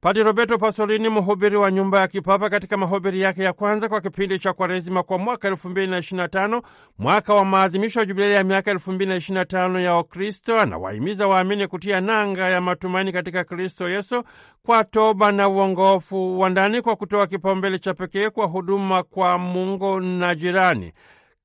padi Roberto Pasolini, mhubiri wa nyumba ya kipapa, katika mahubiri yake ya kwanza kwa kipindi cha Kwaresima kwa mwaka 2025 mwaka wa maadhimisho ya jubilei ya miaka 2025 ya wakristo anawahimiza waamini kutia nanga ya matumaini katika Kristo Yesu kwa toba na uongofu wa ndani, kwa kutoa kipaumbele cha pekee kwa huduma kwa Mungu na jirani.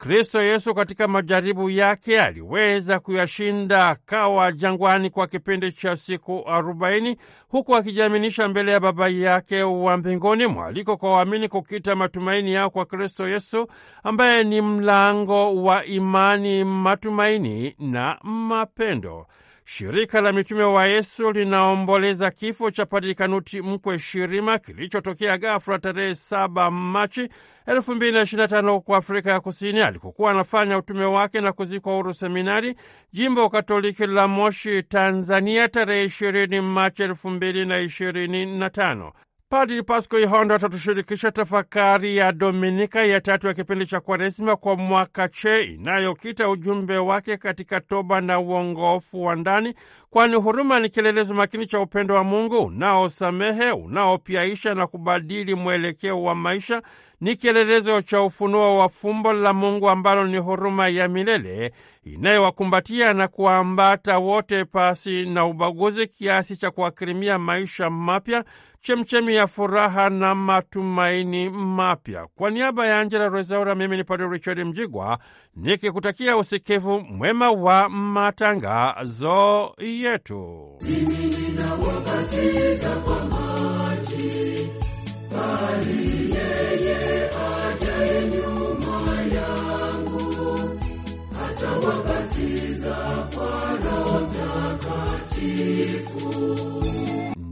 Kristo Yesu katika majaribu yake aliweza kuyashinda, akawa jangwani kwa kipindi cha siku arobaini, huku akijiaminisha mbele ya Baba yake wa mbinguni. Mwaliko kwa waamini kukita matumaini yao kwa Kristo Yesu ambaye ni mlango wa imani, matumaini na mapendo. Shirika la mitume wa Yesu linaomboleza kifo cha Padri Kanuti Mkwe Shirima kilichotokea ghafla tarehe 7 Machi 2025 huku Afrika ya Kusini alikokuwa anafanya utume wake na kuzikwa uru Seminari, jimbo Katoliki la Moshi, Tanzania, tarehe 20 Machi 2025. Padri pasco Ihondo atatushirikisha tafakari ya Dominika ya tatu ya kipindi cha Kwaresima kwa mwaka che inayokita ujumbe wake katika toba na uongofu wa ndani, kwani huruma ni kielelezo makini cha upendo wa Mungu unaosamehe, unaopiaisha na kubadili mwelekeo wa maisha. Ni kielelezo cha ufunuo wa fumbo la Mungu ambalo ni huruma ya milele inayowakumbatia na kuambata wote pasi na ubaguzi, kiasi cha kuakirimia maisha mapya chemchemi ya furaha na matumaini mapya. Kwa niaba ya Angela Rezaura, mimi ni Padre Richard Mjigwa nikikutakia usikivu mwema wa matangazo yetu.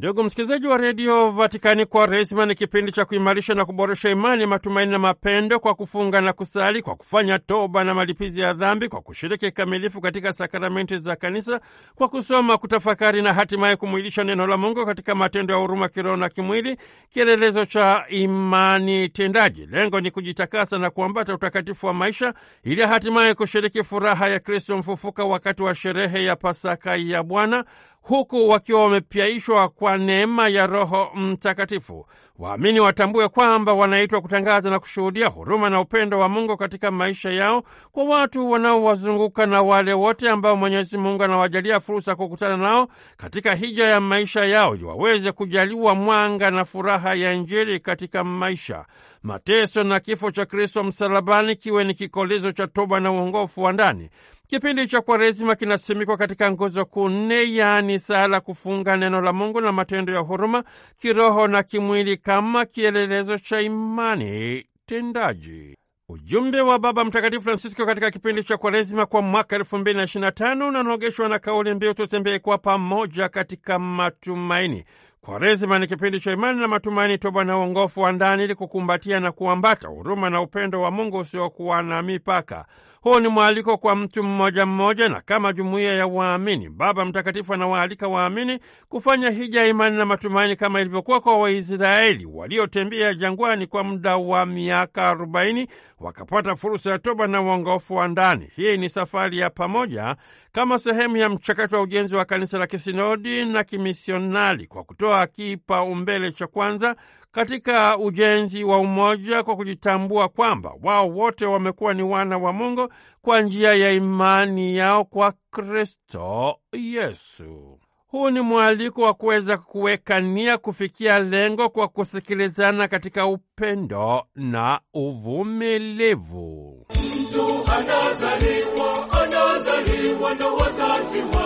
Ndugu msikilizaji wa redio Vatikani, kwa resima ni kipindi cha kuimarisha na kuboresha imani, matumaini na mapendo, kwa kufunga na kusali, kwa kufanya toba na malipizi ya dhambi, kwa kushiriki kikamilifu katika sakramenti za Kanisa, kwa kusoma, kutafakari na hatimaye kumwilisha neno la Mungu katika matendo ya huruma kiroho na kimwili, kielelezo cha imani tendaji. Lengo ni kujitakasa na kuambata utakatifu wa maisha, ili hatimaye kushiriki furaha ya Kristo mfufuka wakati wa sherehe ya Pasaka ya Bwana huku wakiwa wamepyaishwa kwa neema ya Roho Mtakatifu. Waamini watambue kwamba wanaitwa kutangaza na kushuhudia huruma na upendo wa Mungu katika maisha yao kwa watu wanaowazunguka na wale wote ambao Mwenyezi Mungu anawajalia fursa kukutana nao katika hija ya maisha yao, waweze kujaliwa mwanga na furaha ya Injili katika maisha mateso na kifo cha Kristo msalabani kiwe ni kikolezo cha toba na uongofu wa ndani. Kipindi cha Kwaresima kinasimikwa katika nguzo kuu nne, yaani sala, kufunga neno la Mungu na matendo ya huruma kiroho na kimwili, kama kielelezo cha imani tendaji. Ujumbe wa Baba Mtakatifu Francisco katika kipindi cha Kwaresima kwa mwaka elfu mbili na ishirini na tano unanogeshwa na kauli mbiu tutembee kwa pamoja katika matumaini. Kwaresima ni kipindi cha imani na matumaini, toba na uongofu wa ndani, ili kukumbatia na kuambata huruma na upendo wa Mungu usiokuwa na mipaka. Huu ni mwaliko kwa mtu mmoja mmoja na kama jumuiya ya waamini. Baba Mtakatifu anawaalika waamini kufanya hija imani na matumaini kama ilivyokuwa kwa Waisraeli waliotembea jangwani kwa muda wa miaka arobaini wakapata fursa ya toba na uongofu wa ndani. Hii ni safari ya pamoja kama sehemu ya mchakato wa ujenzi wa kanisa la kisinodi na kimisionari kwa kutoa kipaumbele cha kwanza katika ujenzi wa umoja kwa kujitambua kwamba wao wote wamekuwa ni wana wa Mungu kwa njia ya imani yao kwa Kristo Yesu. Huu ni mwaliko wa kuweza kuweka nia kufikia lengo kwa kusikilizana katika upendo na uvumilivu. Mtu anazaliwa, anazaliwa na wazazi wa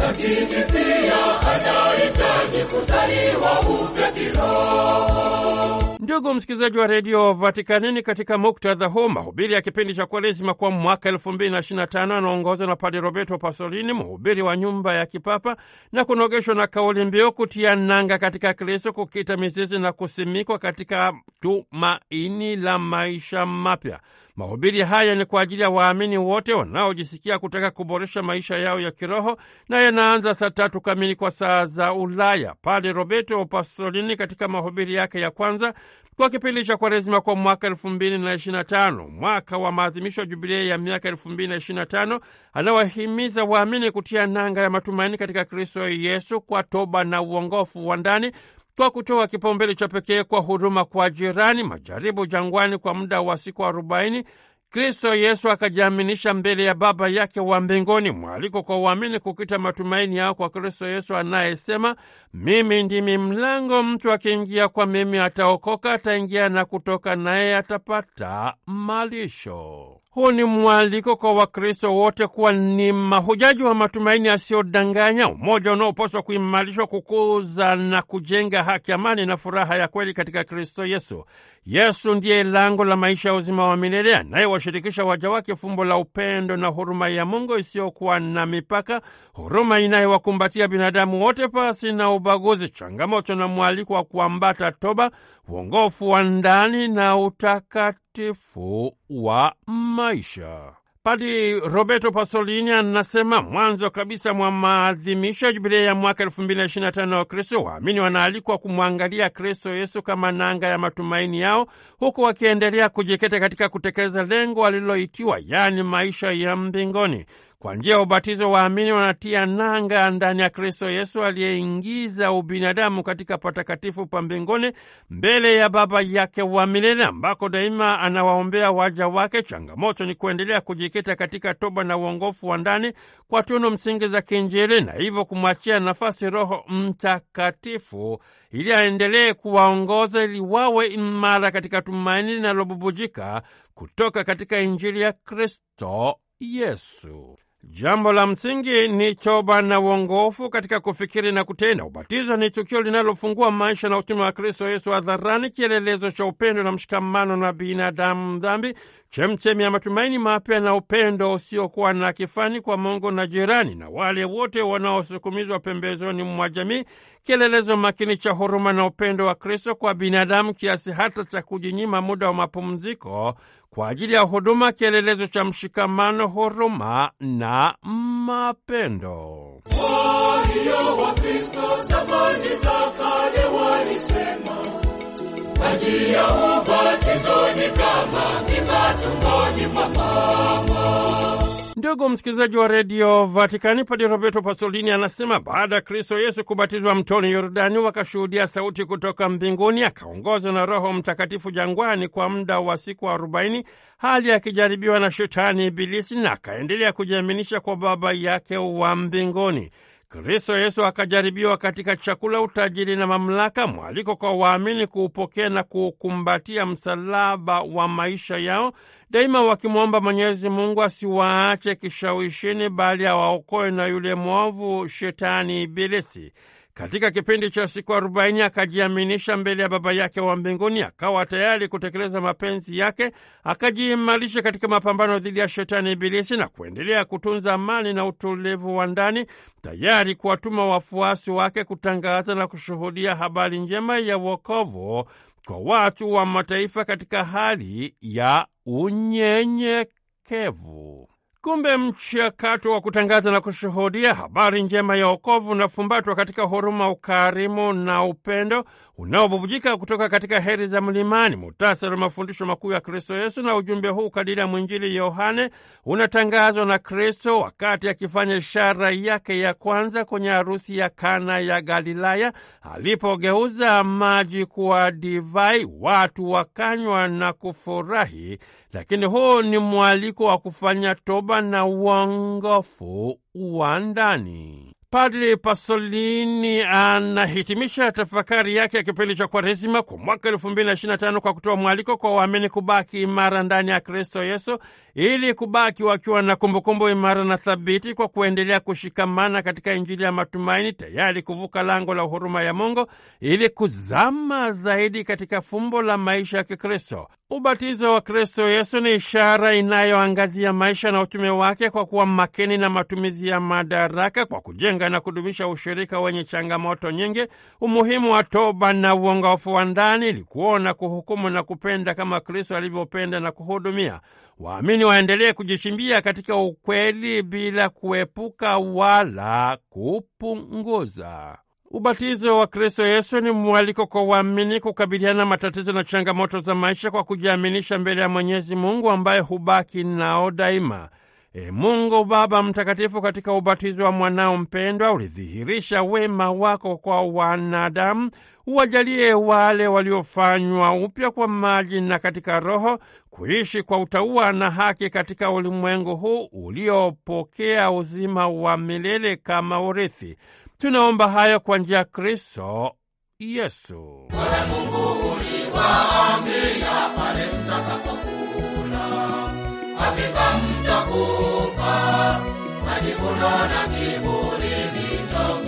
lakini pia anahitaji kuzaliwa upya kiroho. Ndugu msikilizaji wa redio Vatikanini, katika muktadha huu mahubiri ya kipindi cha Kwaresima kwa mwaka elfu mbili na tano anaongozwa na Padre Roberto Pasolini, mhubiri wa nyumba ya kipapa na kunogeshwa na kauli mbiu kutia nanga katika Kristo, kukita mizizi na kusimikwa katika tumaini la maisha mapya. Mahubiri haya ni kwa ajili ya waamini wote wanaojisikia kutaka kuboresha maisha yao ya kiroho na yanaanza saa tatu kamili kwa saa za Ulaya. Padre Roberto Pasolini katika mahubiri yake ya kwanza kwa kipindi cha Kwaresima kwa mwaka elfu mbili na ishirini na tano, mwaka wa maadhimisho ya jubilei ya miaka elfu mbili na ishirini na tano, anawahimiza waamini kutia nanga ya matumaini katika Kristo Yesu kwa toba na uongofu wa ndani kwa kutoa kipaumbele cha pekee kwa huduma kwa jirani. Majaribu jangwani kwa muda wa siku arobaini, Kristo Yesu akajiaminisha mbele ya Baba yake wa mbinguni. Mwaliko kwa uamini kukita matumaini yao kwa Kristo Yesu anayesema, mimi ndimi mlango, mtu akiingia kwa mimi ataokoka, ataingia na kutoka, naye atapata malisho. Huu ni mwaliko kwa Wakristo wote kuwa ni mahujaji wa matumaini yasiyodanganya, umoja unaopaswa kuimarishwa, kukuza na kujenga haki, amani na furaha ya kweli katika Kristo Yesu. Yesu ndiye lango la maisha ya uzima wa milele, anayewashirikisha waja wake fumbo la upendo na huruma ya Mungu isiyokuwa na mipaka, huruma inayowakumbatia binadamu wote pasi na ubaguzi. Changamoto na mwaliko wa kuambata toba, uongofu wa ndani na utakatifu mtakatifu wa maisha. Padi Roberto Pasolini anasema mwanzo kabisa mwa maadhimisho ya jubilia ya mwaka elfu mbili na ishirini na tano wa Kristo, waamini wanaalikwa kumwangalia Kristo Yesu kama nanga ya matumaini yao, huku wakiendelea kujikita katika kutekeleza lengo waliloitiwa, yaani maisha ya mbingoni. Kwa njia ya ubatizo waamini wanatia nanga ndani ya Kristo Yesu aliyeingiza ubinadamu katika patakatifu pa mbinguni mbele ya Baba yake wa milele, ambako daima anawaombea waja wake. Changamoto ni kuendelea kujikita katika toba na uongofu wa ndani kwa tunu msingi za kiinjili na hivyo kumwachia nafasi Roho Mtakatifu ili aendelee kuwaongoza ili wawe imara katika tumaini linalobubujika kutoka katika Injili ya Kristo Yesu. Jambo la msingi ni toba na uongofu katika kufikiri na kutenda. Ubatizo ni tukio linalofungua maisha na utume wa Kristo Yesu hadharani, kielelezo cha upendo na mshikamano na binadamu dhambi, chemchemi ya matumaini mapya na upendo usiokuwa na kifani kwa Mungu na jirani na wale wote wanaosukumizwa pembezoni mwa jamii, kielelezo makini cha huruma na upendo wa Kristo kwa binadamu, kiasi hata cha kujinyima muda wa mapumziko kwa ajili ya huduma, kielelezo cha mshikamano, huruma na mapendo. Ubatizo ni kama mimba tumboni mwa mama Ndugu msikilizaji wa redio Vatikani, Padi Roberto Pasolini anasema baada ya Kristo Yesu kubatizwa mtoni Yordani, wakashuhudia sauti kutoka mbinguni, akaongozwa na Roho Mtakatifu jangwani kwa muda wa siku arobaini hali akijaribiwa na shetani Ibilisi, na akaendelea kujiaminisha kwa Baba yake wa mbinguni. Kristo Yesu akajaribiwa katika chakula, utajiri na mamlaka, mwaliko kwa waamini kuupokea na kuukumbatia msalaba wa maisha yao, daima wakimwomba Mwenyezi Mungu asiwaache kishawishini, bali awaokoe na yule mwovu Shetani Ibilisi. Katika kipindi cha siku arobaini akajiaminisha mbele ya Baba yake wa mbinguni, akawa tayari kutekeleza mapenzi yake, akajiimarisha katika mapambano dhidi ya shetani Ibilisi na kuendelea kutunza amani na utulivu wa ndani, tayari kuwatuma wafuasi wake kutangaza na kushuhudia habari njema ya wokovu kwa watu wa mataifa katika hali ya unyenyekevu. Kumbe mchakato wa kutangaza na kushuhudia habari njema ya wokovu unafumbatwa katika huruma, ukarimu na upendo unaobubujika kutoka katika heri za mlimani. Muhtasari wa mafundisho makuu ya Kristo Yesu na ujumbe huu kadiri ya mwinjili Yohane unatangazwa na Kristo wakati akifanya ishara yake ya kwanza kwenye harusi ya Kana ya Galilaya, alipogeuza maji kuwa divai, watu wakanywa na kufurahi lakini huu ni mwaliko wa kufanya toba na uongofu wa ndani. Padri Pasolini anahitimisha tafakari yake ya kipindi cha Kwaresima kwa mwaka elfu mbili na ishirini na tano kwa kutoa mwaliko kwa waamini kubaki imara ndani ya Kristo Yesu ili kubaki wakiwa na kumbukumbu imara na thabiti kwa kuendelea kushikamana katika Injili ya matumaini, tayari kuvuka lango la huruma ya Mungu ili kuzama zaidi katika fumbo la maisha ya Kikristo. Ubatizo wa Kristo Yesu ni ishara inayoangazia maisha na utume wake kwa kuwa makini na matumizi ya madaraka kwa kujenga na kudumisha ushirika wenye changamoto nyingi, umuhimu wa toba na uongofu wa ndani ili kuona, kuhukumu na kupenda kama Kristo alivyopenda na kuhudumia waamini waendelee kujichimbia katika ukweli bila kuepuka wala kupunguza. Ubatizo wa Kristo Yesu ni mwaliko kwa waamini kukabiliana matatizo na changamoto za maisha kwa kujiaminisha mbele ya Mwenyezi Mungu ambaye hubaki nao daima. E Mungu Baba Mtakatifu, katika ubatizo wa mwanao mpendwa ulidhihirisha wema wako kwa wanadamu. uwajalie wale waliofanywa upya kwa maji na katika Roho kuishi kwa utauwa na haki katika ulimwengu huu uliopokea uzima wa milele kama urithi. Tunaomba hayo kwa njia ya Kristo Yesu majivuno na kiburi ndicho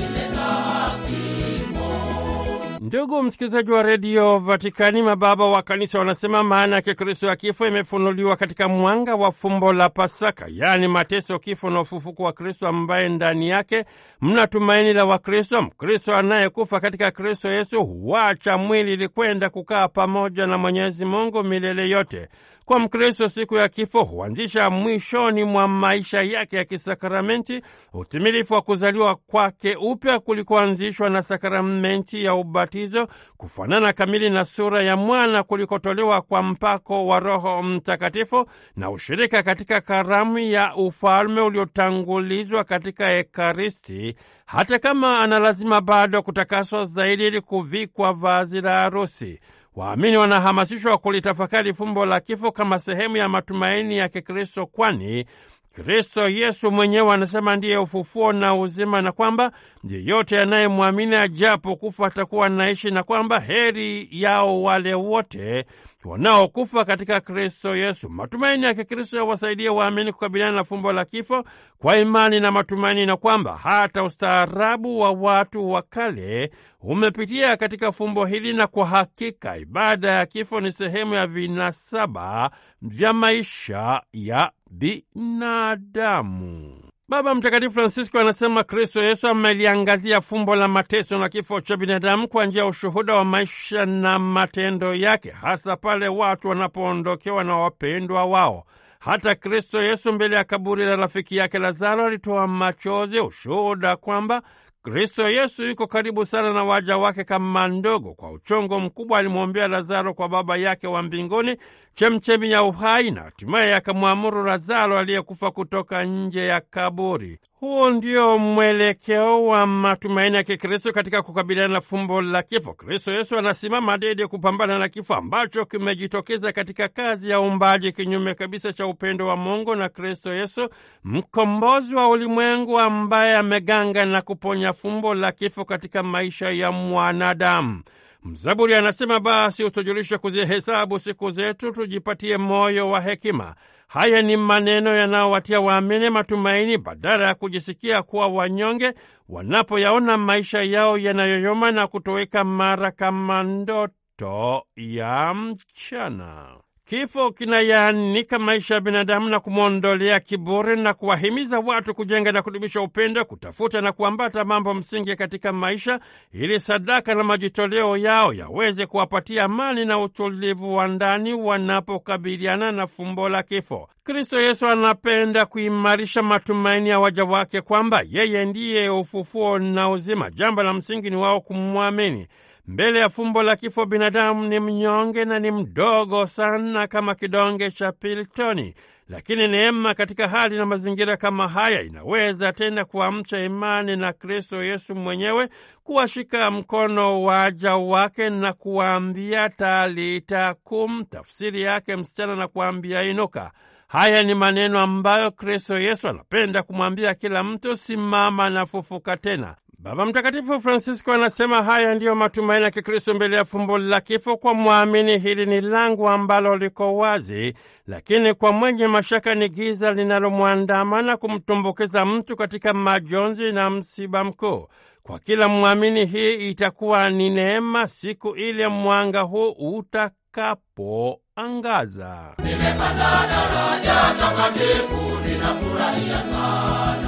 Ndugu msikilizaji wa redio Vatikani, mababa wa kanisa wanasema maana ya Kikristo ya kifo imefunuliwa katika mwanga wa fumbo la Pasaka, yaani mateso, kifo na ufufuko wa Kristo, ambaye ndani yake mna tumaini la Wakristo. Mkristo anayekufa katika Kristo Yesu huacha mwili ili kwenda kukaa pamoja na Mwenyezi Mungu milele yote. Kwa Mkristo, siku ya kifo huanzisha mwishoni mwa maisha yake ya kisakramenti utimilifu wa kuzaliwa kwake upya kulikoanzishwa na sakramenti ya ubatizo, kufanana kamili na sura ya mwana kulikotolewa kwa mpako wa Roho Mtakatifu na ushirika katika karamu ya ufalme uliotangulizwa katika Ekaristi, hata kama ana lazima bado kutakaswa zaidi ili kuvikwa vazi la harusi. Waamini wanahamasishwa kulitafakari fumbo la kifo kama sehemu ya matumaini ya Kikristo, kwani Kristo Yesu mwenyewe anasema ndiye ufufuo na uzima, na kwamba yeyote anayemwamini ajapo kufa atakuwa naishi na kwamba heri yao wale wote wanaokufa katika Kristo Yesu. Matumaini ya Kikristo yawasaidia waamini kukabiliana na fumbo la kifo kwa imani na matumaini, na kwamba hata ustaarabu wa watu wa kale umepitia katika fumbo hili, na kwa hakika ibada ya kifo ni sehemu ya vinasaba vya maisha ya binadamu. Baba Mtakatifu Francisco anasema Kristo Yesu ameliangazia fumbo la mateso na kifo cha binadamu kwa njia ya ushuhuda wa maisha na matendo yake, hasa pale watu wanapoondokewa na wapendwa wao. Hata Kristo Yesu mbele ya kaburi la rafiki yake Lazaro alitoa machozi, ushuhuda kwamba Kristo Yesu yuko karibu sana na waja wake kama ndogo. Kwa uchongo mkubwa alimwombea Lazaro kwa Baba yake wa mbinguni, chemchemi ya uhai, na hatimaye akamwamuru Lazaro aliyekufa kutoka nje ya kaburi. Huu ndio mwelekeo wa matumaini ya Kikristo katika kukabiliana na fumbo la kifo. Kristo Yesu anasimama dede kupambana na kifo ambacho kimejitokeza katika kazi ya uumbaji, kinyume kabisa cha upendo wa Mungu, na Kristo Yesu mkombozi wa ulimwengu, ambaye ameganga na kuponya fumbo la kifo katika maisha ya mwanadamu. Mzaburi anasema, basi utujulishe kuzihesabu siku zetu, tujipatie moyo wa hekima. Haya ni maneno yanayowatia waamini matumaini, badala ya kujisikia kuwa wanyonge wanapoyaona maisha yao yanayoyoma na kutoweka mara kama ndoto ya mchana. Kifo kinayaanika maisha ya binadamu na kumwondolea kiburi na kuwahimiza watu kujenga na kudumisha upendo, kutafuta na kuambata mambo msingi katika maisha, ili sadaka na majitoleo yao yaweze kuwapatia amani na utulivu wa ndani wanapokabiliana na fumbo la kifo. Kristo Yesu anapenda kuimarisha matumaini ya waja wake kwamba yeye ndiye ufufuo na uzima. Jambo la msingi ni wao kumwamini. Mbele ya fumbo la kifo, binadamu ni mnyonge na ni mdogo sana kama kidonge cha Piltoni, lakini neema katika hali na mazingira kama haya inaweza tena kuamsha imani na Kristo Yesu mwenyewe, kuwashika mkono waja wake na kuwaambia talita kum, tafsiri yake msichana, na kuambia inuka. Haya ni maneno ambayo Kristo Yesu anapenda kumwambia kila mtu, simama na fufuka tena. Baba Mtakatifu Francisco anasema haya ndiyo matumaini ya Kikristo mbele ya fumbo la kifo. Kwa mwamini, hili ni lango ambalo liko wazi, lakini kwa mwenye mashaka ni giza linalomwandama na kumtumbukiza mtu katika majonzi na msiba mkuu. Kwa kila mwamini, hii itakuwa ni neema siku ile mwanga huu utakapoangaza. Nimepata daraja takatifu, ninafurahia sana.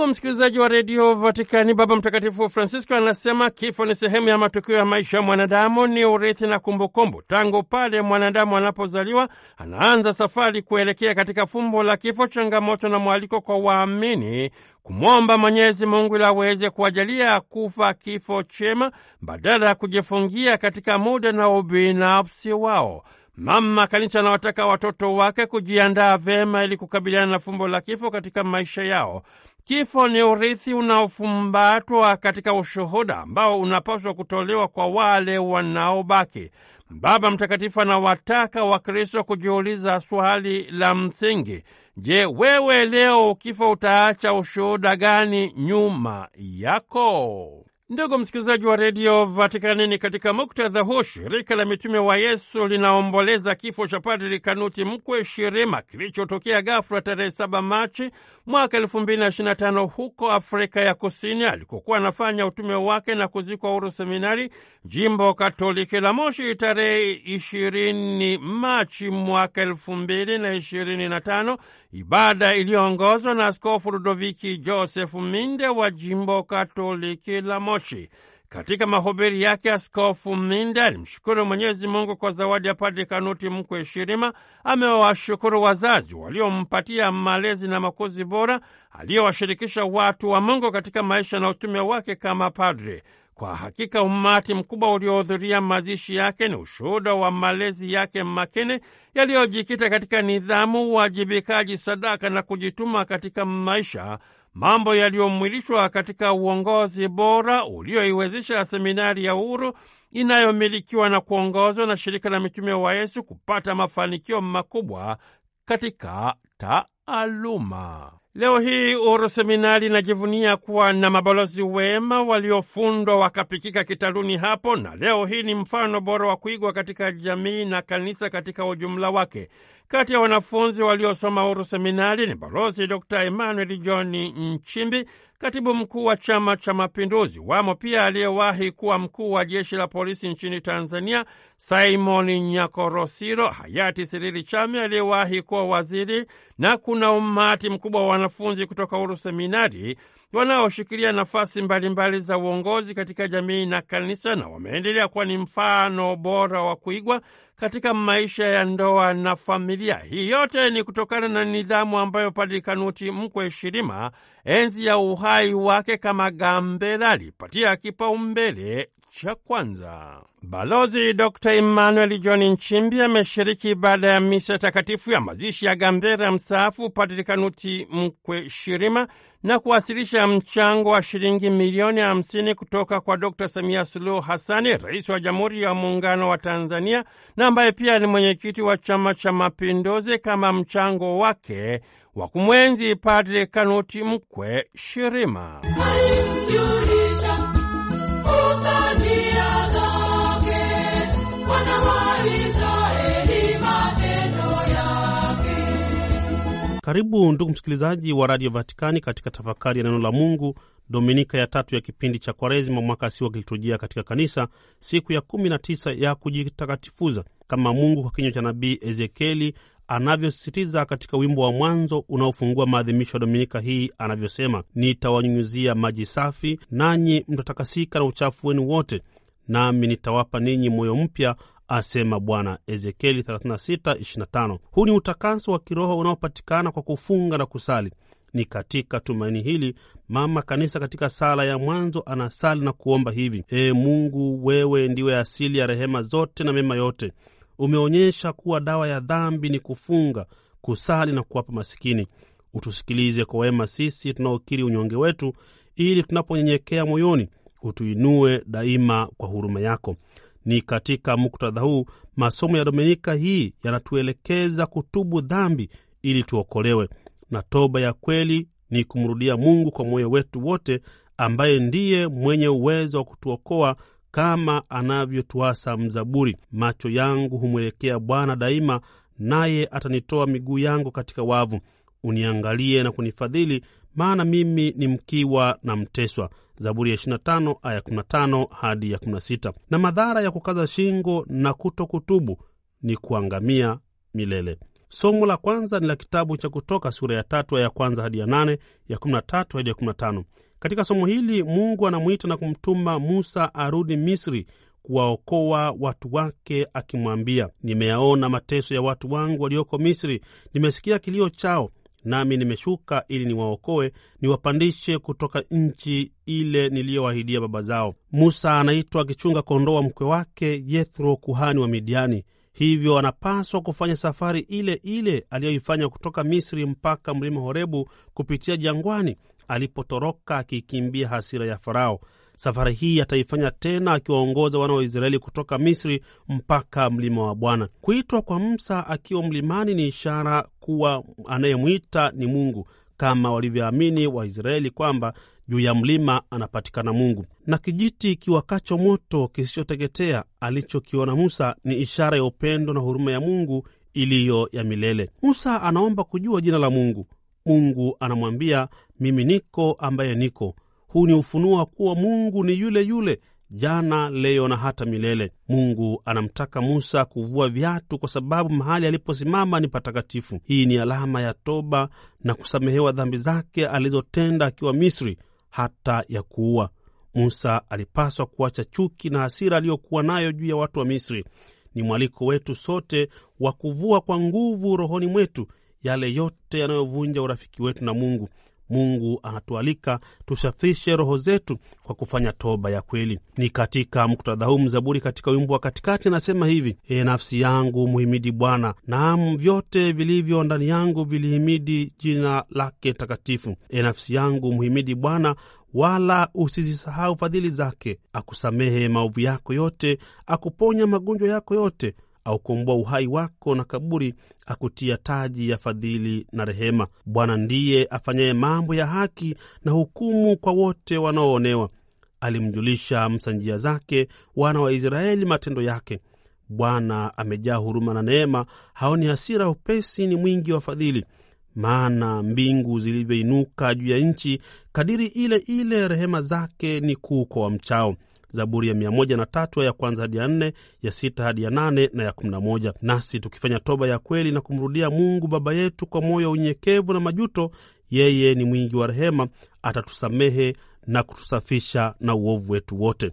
Ndugu msikilizaji wa redio Vatikani, Baba Mtakatifu Francisco anasema kifo ni sehemu ya matukio ya maisha ya mwanadamu, ni urithi na kumbukumbu. Tangu pale mwanadamu anapozaliwa, anaanza safari kuelekea katika fumbo la kifo, changamoto na mwaliko kwa waamini kumwomba Mwenyezi Mungu ili aweze kuwajalia kufa kifo chema, badala ya kujifungia katika muda na ubinafsi wao. Mama Kanisa anawataka watoto wake kujiandaa vema ili kukabiliana na fumbo la kifo katika maisha yao. Kifo ni urithi unaofumbatwa katika ushuhuda ambao unapaswa kutolewa kwa wale wanaobaki. Baba Mtakatifu anawataka Wakristo kujiuliza swali la msingi: Je, wewe leo ukifa utaacha ushuhuda gani nyuma yako? Ndugu msikilizaji wa redio Vatikani, ni katika muktadha huu shirika la mitume wa Yesu linaomboleza kifo cha Padri Kanuti Mkwe Shirima kilichotokea ghafla tarehe 7 Machi mwaka 2025 huko Afrika ya Kusini alikokuwa anafanya utume wake na kuzikwa Uru Seminari, jimbo Katoliki la Moshi tarehe 20 Machi mwaka 2025 ibada iliyoongozwa na Askofu Ludoviki Josefu Minde wa jimbo Katoliki la Moshi. Katika mahubiri yake, Askofu Minde alimshukuru Mwenyezi Mungu kwa zawadi ya Padre Kanuti Mkwe Shirima. Amewashukuru wazazi waliompatia malezi na makuzi bora aliyowashirikisha watu wa Mungu katika maisha na utume wake kama padre. Kwa hakika umati mkubwa uliohudhuria mazishi yake ni ushuhuda wa malezi yake makini yaliyojikita katika nidhamu, uwajibikaji, sadaka na kujituma katika maisha, mambo yaliyomwilishwa katika uongozi bora ulioiwezesha Seminari ya Uhuru inayomilikiwa na kuongozwa na Shirika la Mitume wa Yesu kupata mafanikio makubwa katika taaluma. Leo hii Uru Seminari inajivunia kuwa na mabalozi wema waliofundwa wakapikika kitaluni hapo, na leo hii ni mfano bora wa kuigwa katika jamii na kanisa katika ujumla wake. Kati ya wanafunzi waliosoma Uru Seminari ni Balozi Dr Emmanuel John Nchimbi katibu mkuu wa Chama cha Mapinduzi. Wamo pia aliyewahi kuwa mkuu wa jeshi la polisi nchini Tanzania, Simon Nyakorosiro, hayati Sirili Chami aliyewahi kuwa waziri, na kuna umati mkubwa wa wanafunzi kutoka uru Seminari wanaoshikilia nafasi mbalimbali za uongozi katika jamii na kanisa, na wameendelea kuwa ni mfano bora wa kuigwa katika maisha ya ndoa na familia. Hii yote ni kutokana na nidhamu ambayo Padri Kanuti Mkwe Shirima enzi ya uhai wake kama Gambela alipatia kipaumbele cha kwanza. Balozi Dr. Emmanuel John Nchimbi ameshiriki ibada ya misa takatifu ya mazishi ya Gambera mstaafu Patrick Kanuti Mkwe Shirima na kuwasilisha mchango wa shilingi milioni hamsini kutoka kwa Dr. Samia Suluhu hasani rais wa Jamhuri ya Muungano wa Tanzania na ambaye pia ni mwenyekiti wa Chama cha Mapinduzi, kama mchango wake wa kumwenzi Padre Kanuti Mkwe Shirima. Karibu ndugu msikilizaji wa Radio Vatikani katika tafakari ya neno la Mungu, dominika ya tatu ya kipindi cha Kwaresima, mwaka si wa kiliturujia katika kanisa, siku ya kumi na tisa ya kujitakatifuza, kama Mungu kwa kinywa cha nabii Ezekieli anavyosisitiza katika wimbo wa mwanzo unaofungua maadhimisho ya dominika hii, anavyosema: nitawanyunyuzia maji safi, nanyi mtatakasika na uchafu wenu wote, nami nitawapa ninyi moyo mpya, asema Bwana. Ezekieli 36:25. Huu ni utakaso wa kiroho unaopatikana kwa kufunga na kusali. Ni katika tumaini hili mama kanisa katika sala ya mwanzo anasali na kuomba hivi: Ee Mungu, wewe ndiwe asili ya rehema zote na mema yote. Umeonyesha kuwa dawa ya dhambi ni kufunga, kusali na kuwapa masikini. Utusikilize kwa wema sisi tunaokiri unyonge wetu, ili tunaponyenyekea moyoni utuinue daima kwa huruma yako. Ni katika muktadha huu masomo ya Dominika hii yanatuelekeza kutubu dhambi ili tuokolewe, na toba ya kweli ni kumrudia Mungu kwa moyo wetu wote, ambaye ndiye mwenye uwezo wa kutuokoa kama anavyotuasa mzaburi, macho yangu humwelekea Bwana daima, naye atanitoa miguu yangu katika wavu. Uniangalie na kunifadhili, maana mimi ni mkiwa na mteswa. Zaburi ya 25 aya 15 hadi ya 16. Na madhara ya kukaza shingo na kutokutubu ni kuangamia milele. Somo la kwanza ni la kitabu cha Kutoka sura ya tatu aya ya kwanza hadi ya nane, ya tatu hadi ya tano. Katika somo hili Mungu anamwita na kumtuma Musa arudi Misri kuwaokoa watu wake, akimwambia, nimeyaona mateso ya watu wangu walioko Misri, nimesikia kilio chao nami nimeshuka ili niwaokoe, niwapandishe kutoka nchi ile niliyowahidia baba zao. Musa anaitwa akichunga kondoo wa mkwe wake yethro kuhani wa Midiani. Hivyo anapaswa kufanya safari ile ile aliyoifanya kutoka Misri mpaka mlima Horebu kupitia jangwani, alipotoroka akiikimbia hasira ya Farao. Safari hii ataifanya tena akiwaongoza wana wa Israeli kutoka Misri mpaka mlima wa Bwana. Kuitwa kwa Musa akiwa mlimani ni ishara kuwa anayemwita ni Mungu, kama walivyoamini Waisraeli kwamba juu ya mlima anapatikana Mungu. Na kijiti kiwakacho moto kisichoteketea alichokiona Musa ni ishara ya upendo na huruma ya Mungu iliyo ya milele. Musa anaomba kujua jina la Mungu. Mungu anamwambia mimi niko ambaye niko. Huu ni ufunuo wa kuwa Mungu ni yule yule jana, leo na hata milele. Mungu anamtaka Musa kuvua viatu kwa sababu mahali aliposimama ni patakatifu. Hii ni alama ya toba na kusamehewa dhambi zake alizotenda akiwa Misri, hata ya kuua. Musa alipaswa kuacha chuki na hasira aliyokuwa nayo juu ya watu wa Misri. Ni mwaliko wetu sote wa kuvua kwa nguvu rohoni mwetu yale yote yanayovunja urafiki wetu na Mungu. Mungu anatualika tusafishe roho zetu kwa kufanya toba ya kweli. Ni katika muktadha huu mzaburi katika wimbo wa katikati anasema hivi: E nafsi yangu muhimidi Bwana, naam vyote vilivyo ndani yangu vilihimidi jina lake takatifu. E nafsi yangu muhimidi Bwana, wala usizisahau fadhili zake. Akusamehe maovu yako yote, akuponya magonjwa yako yote aukomboa uhai wako na kaburi, akutia taji ya fadhili na rehema. Bwana ndiye afanyaye mambo ya haki na hukumu kwa wote wanaoonewa. Alimjulisha msanjia zake wana wa Israeli matendo yake. Bwana amejaa huruma na neema, haoni hasira, upesi ni mwingi wa fadhili. Maana mbingu zilivyoinuka juu ya nchi, kadiri ile ile rehema zake ni kuu kwa wamchao. Zaburi ya mia ya kwanza hadi ya nne, ya sita hadi ya nane na ya kumi na moja. Nasi tukifanya toba ya kweli na kumrudia Mungu Baba yetu kwa moyo wa unyenyekevu na majuto, yeye ni mwingi wa rehema, atatusamehe na kutusafisha na uovu wetu wote.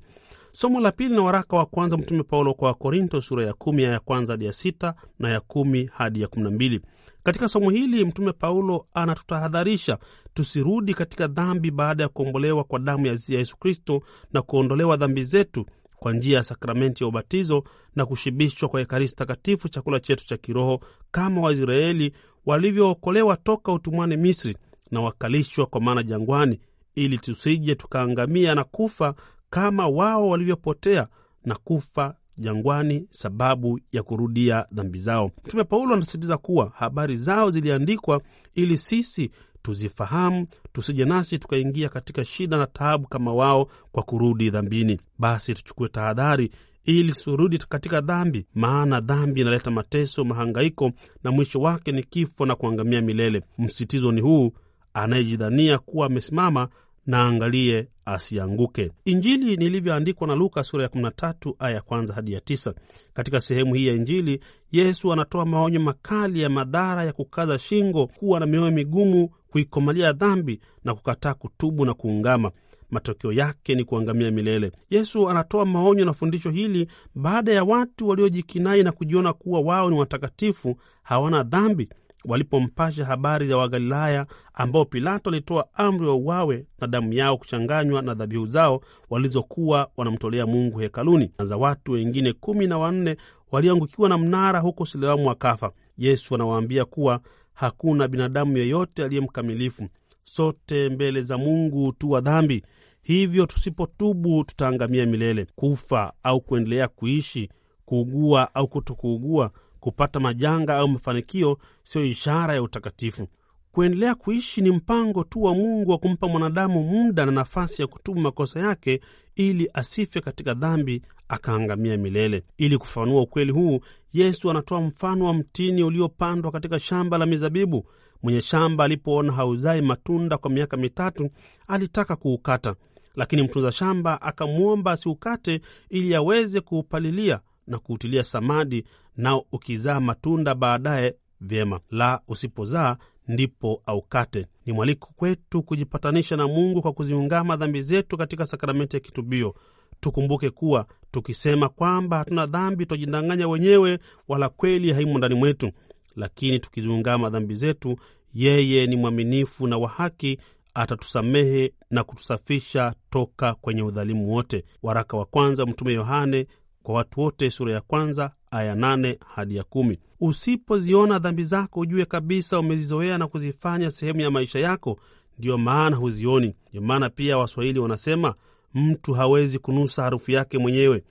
Somo la pili na waraka wa kwanza Mtume Paulo kwa Wakorinto sura ya kumi aya ya kwanza hadi ya sita na ya kumi hadi ya kumi na mbili. Katika somo hili Mtume Paulo anatutahadharisha tusirudi katika dhambi baada ya kuombolewa kwa damu ya Yesu Kristo na kuondolewa dhambi zetu kwa njia ya sakramenti ya ubatizo na kushibishwa kwa Ekaristi Takatifu, chakula chetu cha kiroho, kama Waisraeli walivyookolewa toka utumwani Misri na wakalishwa kwa maana jangwani, ili tusije tukaangamia na kufa kama wao walivyopotea na kufa jangwani sababu ya kurudia dhambi zao. Mtume Paulo anasisitiza kuwa habari zao ziliandikwa ili sisi tuzifahamu, tusije nasi tukaingia katika shida na taabu kama wao kwa kurudi dhambini. Basi tuchukue tahadhari ili surudi katika dhambi, maana dhambi inaleta mateso, mahangaiko na mwisho wake ni kifo na kuangamia milele. Msitizo ni huu, anayejidhania kuwa amesimama na angalie asianguke. Injili nilivyoandikwa na Luka sura ya 13 aya kwanza hadi ya tisa. Katika sehemu hii ya Injili, Yesu anatoa maonyo makali ya madhara ya kukaza shingo, kuwa na mioyo migumu, kuikomalia dhambi na kukataa kutubu na kuungama matokeo yake ni kuangamia milele. Yesu anatoa maonyo na fundisho hili baada ya watu waliojikinai na kujiona kuwa wao ni watakatifu, hawana dhambi, walipompasha habari za Wagalilaya ambao Pilato alitoa amri wa uwawe na damu yao kuchanganywa na dhabihu zao walizokuwa wanamtolea Mungu hekaluni, na za watu wengine kumi na wanne walioangukiwa na mnara huko Siloamu wakafa. Yesu anawaambia kuwa hakuna binadamu yeyote aliye mkamilifu, sote mbele za Mungu tu wa dhambi, hivyo tusipotubu tutaangamia milele. Kufa au kuendelea kuishi, kuugua au kutokuugua Kupata majanga au mafanikio siyo ishara ya utakatifu. Kuendelea kuishi ni mpango tu wa Mungu wa kumpa mwanadamu muda na nafasi ya kutubu makosa yake ili asife katika dhambi akaangamia milele. Ili kufafanua ukweli huu, Yesu anatoa mfano wa mtini uliopandwa katika shamba la mizabibu. Mwenye shamba alipoona hauzai matunda kwa miaka mitatu, alitaka kuukata, lakini mtunza shamba akamwomba asiukate ili aweze kuupalilia na kuutilia samadi nao ukizaa matunda baadaye vyema, la usipozaa ndipo aukate. Ni mwaliko kwetu kujipatanisha na Mungu kwa kuziungama dhambi zetu katika sakramenti ya kitubio. Tukumbuke kuwa tukisema kwamba hatuna dhambi, twajidanganya wenyewe, wala kweli haimo ndani mwetu. Lakini tukiziungama dhambi zetu, yeye ni mwaminifu na wa haki, atatusamehe na kutusafisha toka kwenye udhalimu wote. Waraka wa kwanza Mtume Yohane kwa watu wote, sura ya kwanza aya nane hadi ya kumi. Usipoziona dhambi zako ujue kabisa umezizoea na kuzifanya sehemu ya maisha yako, ndiyo maana huzioni. Ndiyo maana pia Waswahili wanasema mtu hawezi kunusa harufu yake mwenyewe.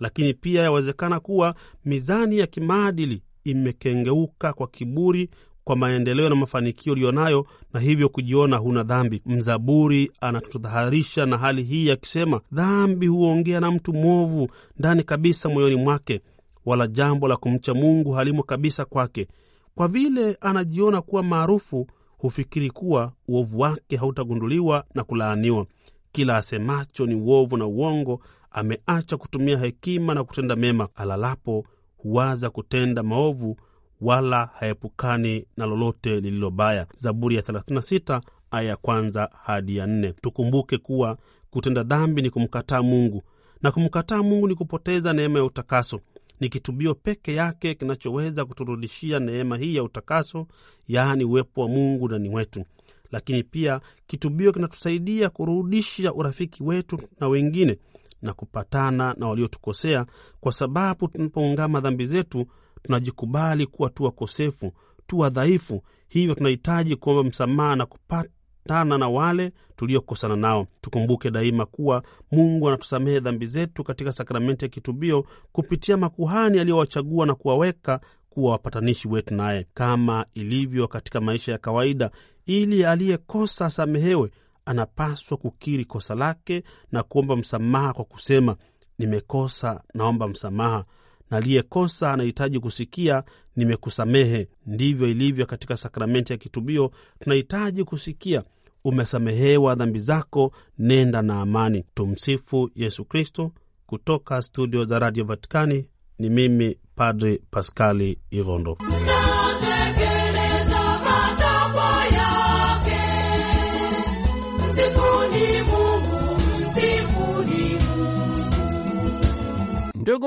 Lakini pia yawezekana kuwa mizani ya kimaadili imekengeuka kwa kiburi, kwa maendeleo na mafanikio uliyonayo na hivyo kujiona huna dhambi. Mzaburi anatutahadharisha na hali hii akisema, dhambi huongea na mtu mwovu ndani kabisa moyoni mwake, wala jambo la kumcha Mungu halimo kabisa kwake. Kwa vile anajiona kuwa maarufu, hufikiri kuwa uovu wake hautagunduliwa na kulaaniwa. Kila asemacho ni uovu na uongo. Ameacha kutumia hekima na kutenda mema, alalapo huwaza kutenda maovu wala haepukani na lolote lililobaya. Zaburi ya 36 aya ya kwanza hadi ya nne. Tukumbuke kuwa kutenda dhambi ni kumkataa Mungu na kumkataa Mungu ni kupoteza neema ya utakaso. Ni kitubio peke yake kinachoweza kuturudishia neema hii ya utakaso, yaani uwepo wa Mungu ndani wetu. Lakini pia kitubio kinatusaidia kurudisha urafiki wetu na wengine na kupatana na waliotukosea, kwa sababu tunapoungama dhambi zetu tunajikubali kuwa tu wakosefu, tu wadhaifu. Hivyo tunahitaji kuomba msamaha na kupatana na wale tuliokosana nao. Tukumbuke daima kuwa Mungu anatusamehe dhambi zetu katika sakramenti ya kitubio kupitia makuhani aliyowachagua na kuwaweka kuwa wapatanishi wetu naye, kama ilivyo katika maisha ya kawaida. Ili aliyekosa asamehewe, anapaswa kukiri kosa lake na kuomba msamaha kwa kusema, nimekosa, naomba msamaha na aliyekosa anahitaji kusikia nimekusamehe. Ndivyo ilivyo katika sakramenti ya kitubio, tunahitaji kusikia umesamehewa dhambi zako, nenda na amani. Tumsifu Yesu Kristo. Kutoka studio za Radio Vatikani ni mimi Padri Paskali Irondo.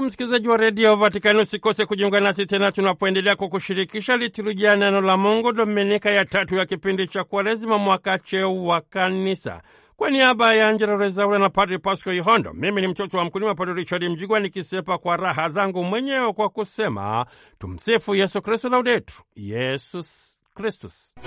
msikilizaji wa redio Vatikani, usikose kujiunga nasi tena tunapoendelea kukushirikisha liturujia neno la Mungu, dominika ya tatu ya kipindi cha Kwaresima, mwaka cheu wa Kanisa. Kwa niaba ya Angela Rezaula na Padri Pasco Ihondo, mimi ni mtoto wa mkulima Padri Richard Mjigwa, nikisepa kwa raha zangu mwenyewe kwa kusema tumsifu Yesu Kristu, laudetu Yesus Kristus.